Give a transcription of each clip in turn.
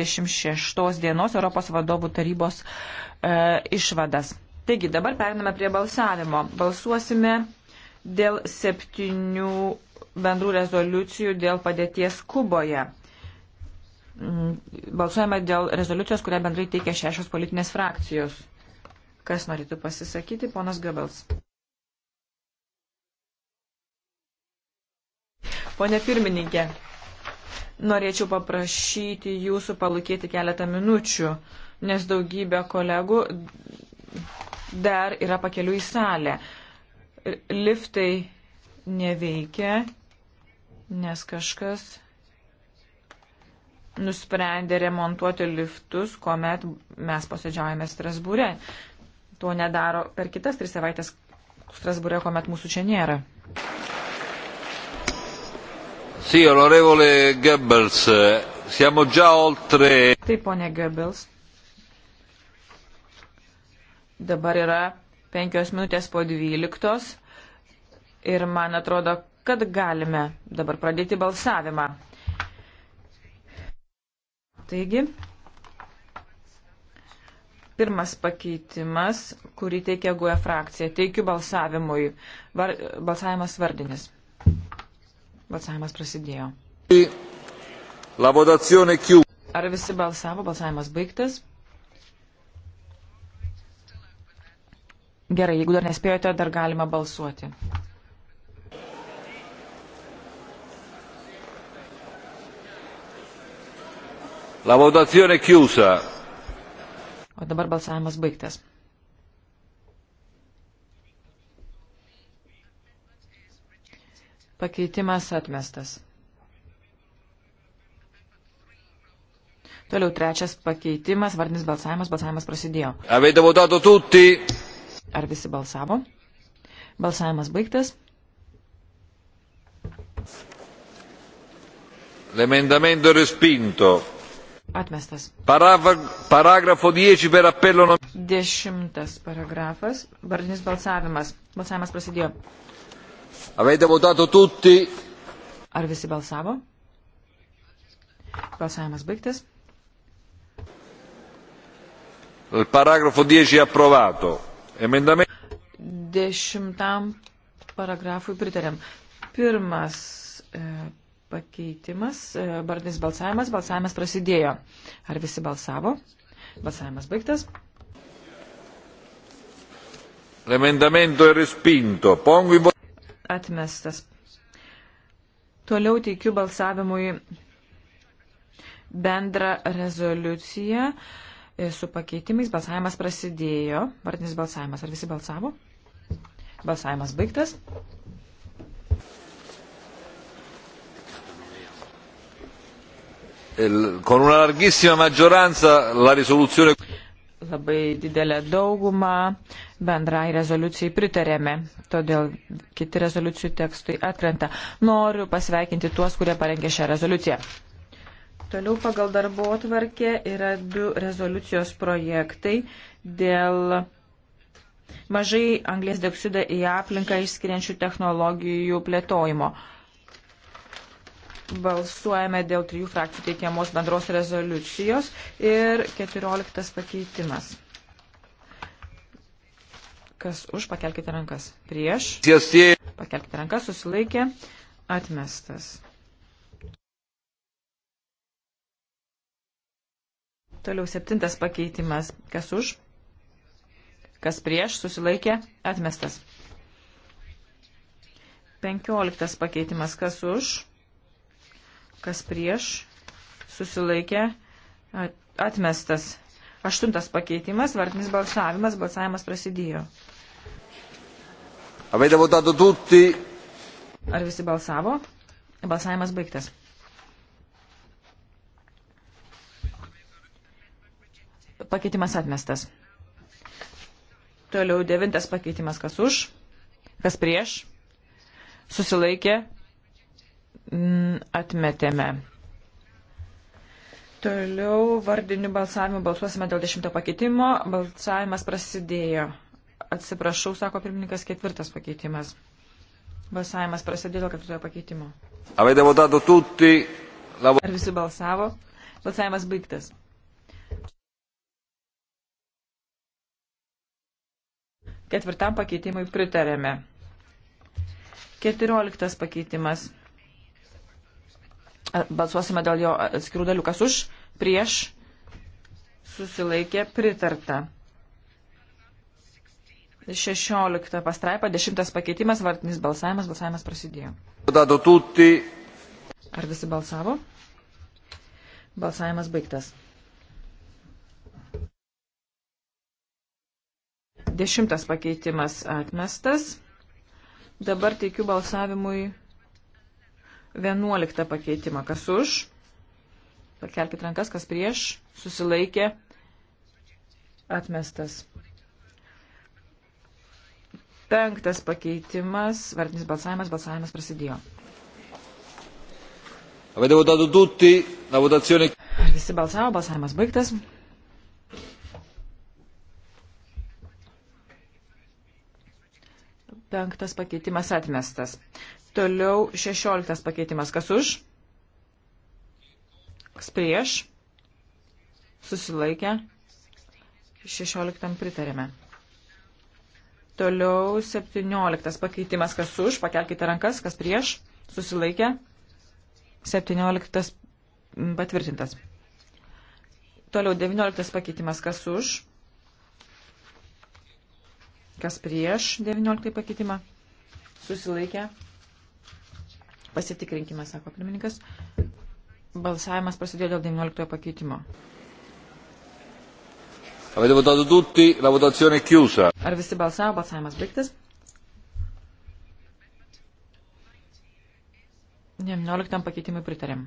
26 dienos Europos vadovų tarybos e, išvadas. Taigi, dabar periname prie balsavimo. Balsuosime dėl septynių bendrų rezoliucijų dėl padėties Kuboje. Mm, balsuojame dėl rezoliucijos, kurią bendrai teikia šešios politinės frakcijos. Kas norėtų pasisakyti, ponas Gabels? Pone pirmininkė, Norėčiau paprašyti jūsų palūkėti keletą minučių, nes daugybė kolegų dar yra pakeliu į salę. Liftai neveikia, nes kažkas nusprendė remontuoti liftus, kuomet mes posėdžiaujame Strasbūre. To nedaro per kitas tris savaitės Strasbūre, kuomet mūsų čia nėra. Sì, onorevole Goebbels, siamo già oltre. Taip, ponė Goebbels. Dabar yra penkios minutės po dvyliktos ir man atrodo, kad galime dabar pradėti balsavimą. Taigi, pirmas pakeitimas, kurį teikia GUE frakcija, teikiu balsavimui. Var, balsavimas vardinis. Balsavimas prasidėjo. La votazione chiusa. Ar visi balsavo? Balsavimas baigtas. Gerai, jeigu dar nespėjote, dar galima balsuoti. La votazione chiusa. O dabar balsavimas baigtas. Pakeitimas atmestas. Toliau trečias pakeitimas, vardinis balsavimas, balsavimas prasidėjo. Avete votato tutti? Ar visi balsavo? Balsavimas baigtas. L'emendamento respinto. Atmestas. Paragraf, paragrafo 10 per appello. Dešimtas paragrafas, vardinis balsavimas. Balsavimas prasidėjo. Avete votato tutti? Ar visi balsavo? Balsavimas baigtas. Il paragrafo 10 approvato. Emendamento. Dešimtam paragrafui pritarėm. Pirmas e, pakeitimas, e, bardinis balsavimas, balsavimas prasidėjo. Ar visi balsavo? Balsavimas baigtas. L'emendamento è respinto. Pongo in atmestas. Toliau teikiu balsavimui bendrą rezoliuciją su pakeitimais. Balsavimas prasidėjo. Vardinis balsavimas. Ar visi balsavo? Balsavimas baigtas. Il, con una larghissima maggioranza la risoluzione. Labai didelė dauguma bendrai rezoliucijai pritarėme, todėl kiti rezoliucijų tekstai atkrenta. Noriu pasveikinti tuos, kurie parengė šią rezoliuciją. Toliau pagal darbo atvarkė yra du rezoliucijos projektai dėl mažai anglės dioksidą į aplinką išskiriančių technologijų plėtojimo. Balsuojame dėl trijų frakcijų teikiamos bendros rezoliucijos ir 14 pakeitimas. Kas už, pakelkite rankas. Prieš. Pakelkite rankas, susilaikė. Atmestas. Toliau septintas pakeitimas. Kas už? Kas prieš? Susilaikė? Atmestas. Penkioliktas pakeitimas. Kas už? Kas prieš? Susilaikė? Atmestas. Aštuntas pakeitimas, vartinis balsavimas, balsavimas prasidėjo. Avete votato tutti? Ar visi balsavo? Balsavimas baigtas. Pakeitimas atmestas. Toliau devintas pakeitimas, kas už, kas prieš, susilaikė, atmetėme. Toliau vardiniu balsavimu balsuosime dėl dešimto pakeitimo. Balsavimas prasidėjo. Atsiprašau, sako pirmininkas, ketvirtas pakeitimas. Balsavimas prasidėjo dėl ketvirtojo pakeitimo. Ar visi balsavo? Balsavimas baigtas. Ketvirtam pakeitimui pritarėme. Keturioliktas pakeitimas. Balsuosime dėl jo atskirų dalių. Kas už, prieš, susilaikė, pritarta. 16 pastraipa, 10 pakeitimas, vartinis balsavimas, balsavimas prasidėjo. Ar visi balsavo? Balsavimas baigtas. Dešimtas pakeitimas atmestas. Dabar teikiu balsavimui 11 pakeitimą. Kas už? Pakelkite rankas, kas prieš? Susilaikė. Atmestas. Penktas pakeitimas, vardinis balsavimas, balsavimas prasidėjo. Avete votato tutti, la votazione... Visi balsavo, balsavimas baigtas. Penktas pakeitimas atmestas. Toliau 16 pakeitimas. Kas už? Kas prieš? Susilaikę. 16 pritarėme. Toliau 17 pakeitimas. Kas už? Pakelkite rankas. Kas prieš? Susilaikę. 17 patvirtintas. Toliau 19 pakeitimas. Kas už? Kas prieš 19 pakeitimą? Susilaikę. Pasitikrinkime, sako pirmininkas. Balsavimas prasidėjo dėl 19 pakeitimo. Avete votato tutti, la votazione è chiusa. Ar visi balsavo, balsavimas baigtas? 19 pakeitimui pritarėm.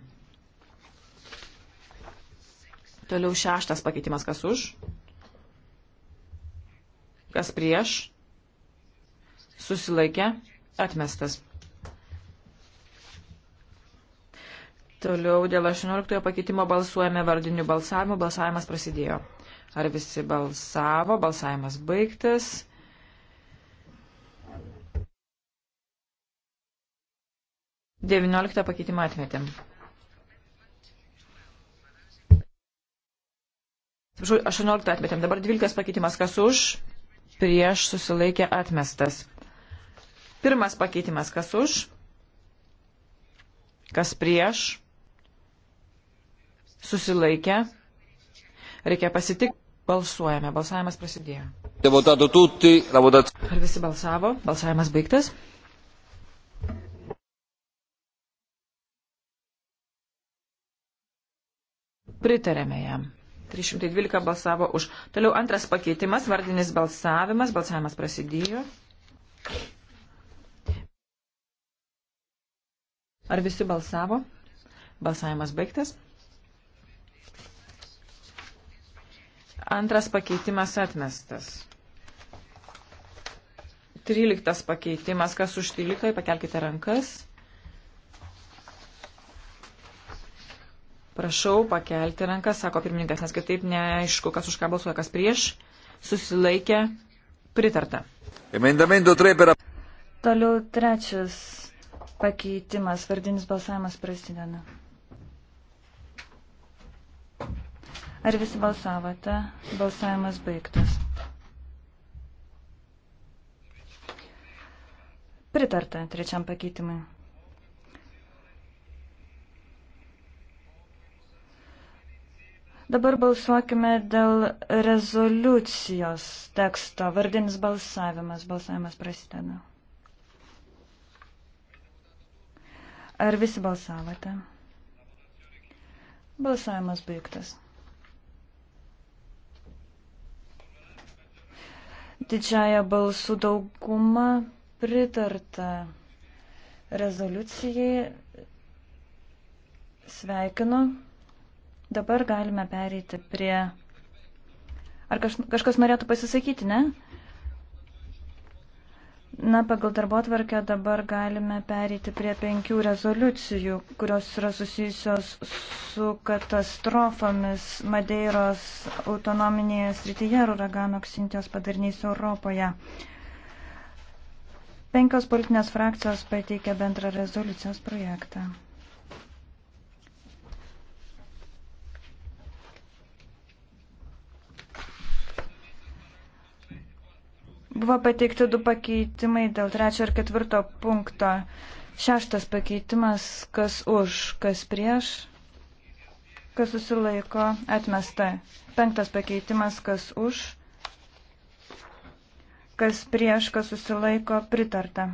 Toliau šeštas pakeitimas, kas už, kas prieš, susilaikė, atmestas. Toliau dėl 18 pakeitimo balsuojame vardiniu balsavimu. Balsavimas prasidėjo. Ar visi balsavo? Balsavimas baigtas. Devynioliktą pakeitimą atmetėm. Atsiprašau, 18 atmetėm. Dabar 12 pakeitimas. Kas už? Prieš susilaikė atmestas. Pirmas pakeitimas. Kas už? Kas prieš? susilaikę. Reikia pasitikti. Balsuojame. Balsavimas prasidėjo. Ar visi balsavo? Balsavimas baigtas. Pritarėme jam. 312 balsavo už. Toliau antras pakeitimas, vardinis balsavimas. Balsavimas prasidėjo. Ar visi balsavo? Balsavimas baigtas. Antras pakeitimas atmestas. Tryliktas pakeitimas. Kas už tryliktoj? Pakelkite rankas. Prašau pakelti rankas, sako pirmininkas, nes kitaip neaišku, kas už ką balsuoja, kas prieš. Susilaikė. Pritarta. Per... Toliau trečias pakeitimas. Vardinis balsavimas prasideda. Ar visi balsavote? Balsavimas baigtas. Pritarta trečiam pakeitimui. Dabar balsuokime dėl rezoliucijos teksto. Vardinis balsavimas. Balsavimas prasideda. Ar visi balsavote? Balsavimas baigtas. Didžiaja balsų dauguma pritarta rezoliucijai. Sveikinu. Dabar galime pereiti prie. Ar kaž, kažkas norėtų pasisakyti, ne? Na, pagal darbo tvarkę dabar galime pereiti prie penkių rezoliucijų, kurios yra susijusios su katastrofomis Madeiros autonominėje srityje ir uragano ksintijos padarniais Europoje. Penkios politinės frakcijos pateikė bendrą rezoliucijos projektą. Buvo pateikti du pakeitimai dėl trečio ir ketvirto punkto. Šeštas pakeitimas, kas už, kas prieš, kas susilaiko, atmesta. Penktas pakeitimas, kas už, kas prieš, kas susilaiko, pritarta.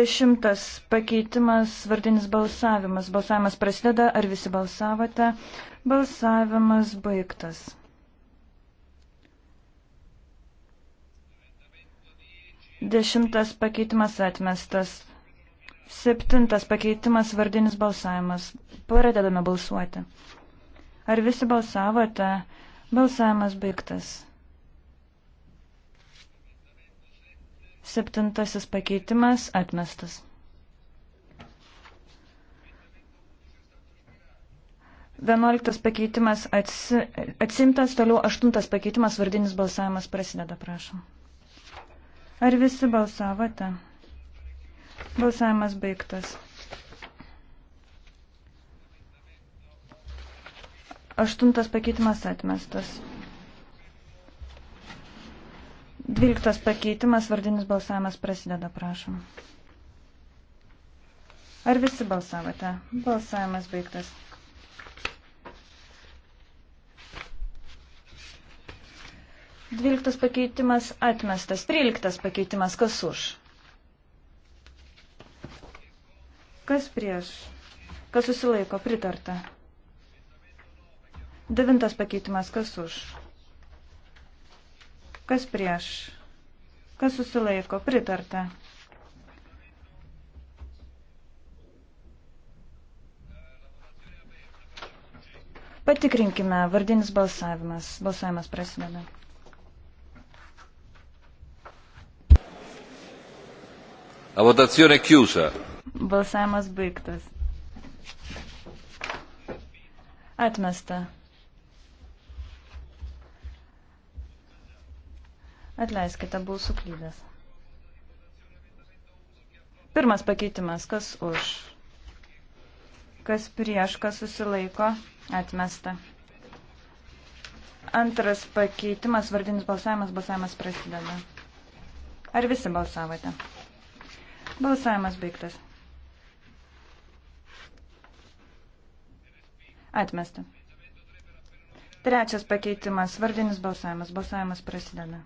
Dešimtas pakeitimas, vardinis balsavimas. Balsavimas prasideda, ar visi balsavote? Balsavimas baigtas. Dešimtas pakeitimas atmestas. Septintas pakeitimas vardinis balsavimas. Pradedame balsuoti. Ar visi balsavote? Balsavimas baigtas. Septintasis pakeitimas atmestas. Vienuoliktas pakeitimas atsi, atsimtas, toliau aštuntas pakeitimas vardinis balsavimas prasideda, prašom. Ar visi balsavote? Balsavimas baigtas. 8 pakeitimas atmestas. 12 pakeitimas, vardinis balsavimas prasideda, prašom. Ar visi balsavote? Balsavimas baigtas. Dvyliktas pakeitimas atmestas. Tryliktas pakeitimas kas už? Kas prieš? Kas susilaiko? Pritarta. Devintas pakeitimas kas už? Kas prieš? Kas susilaiko? Pritarta. Patikrinkime, vardinis balsavimas. Balsavimas prasideda. La votazione è chiusa. Balsavimas baigtas. Atmesta. Atleiskite, buvau suklydęs. Pirmas pakeitimas, kas už, kas prieš, kas susilaiko, atmesta. Antras pakeitimas, vardinis balsavimas, balsavimas prasideda. Ar visi balsavote? Balsavimas baigtas. Atmesta. Trečias pakeitimas, vardinis balsavimas. Balsavimas prasideda.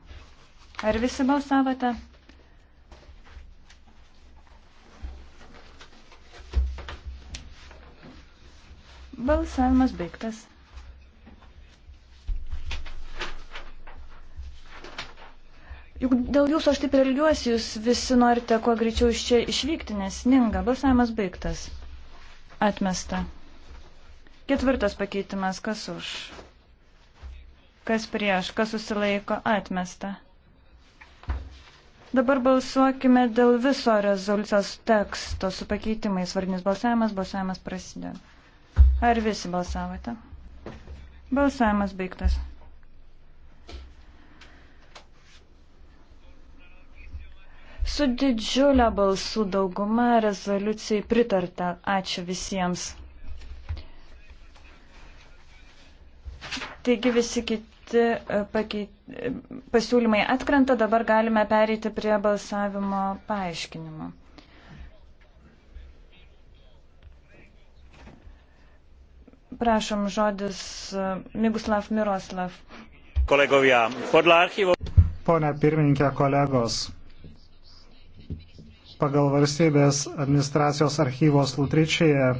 Ar visi balsavote? Balsavimas baigtas. Juk dėl jūsų aš taip ir liuosi, jūs visi norite kuo greičiau iš čia išvykti, nes ninga. Balsavimas baigtas. Atmesta. Ketvirtas pakeitimas. Kas už? Kas prieš? Kas susilaiko? Atmesta. Dabar balsuokime dėl viso rezoliucijos teksto su pakeitimais. Vardinis balsavimas, balsavimas prasideda. Ar visi balsavote? Balsavimas baigtas. Su didžiulė balsų dauguma rezoliucijai pritarta. Ačiū visiems. Taigi visi kiti e, pakeit... E, pasiūlymai atkrenta, dabar galime pereiti prie balsavimo paaiškinimo. Prašom žodis e, Miguslav Miroslav. Kolegovia, podľa archívov. Pone pirmininkė, kolegos, pagal valstybės administracijos archyvos Lutričyje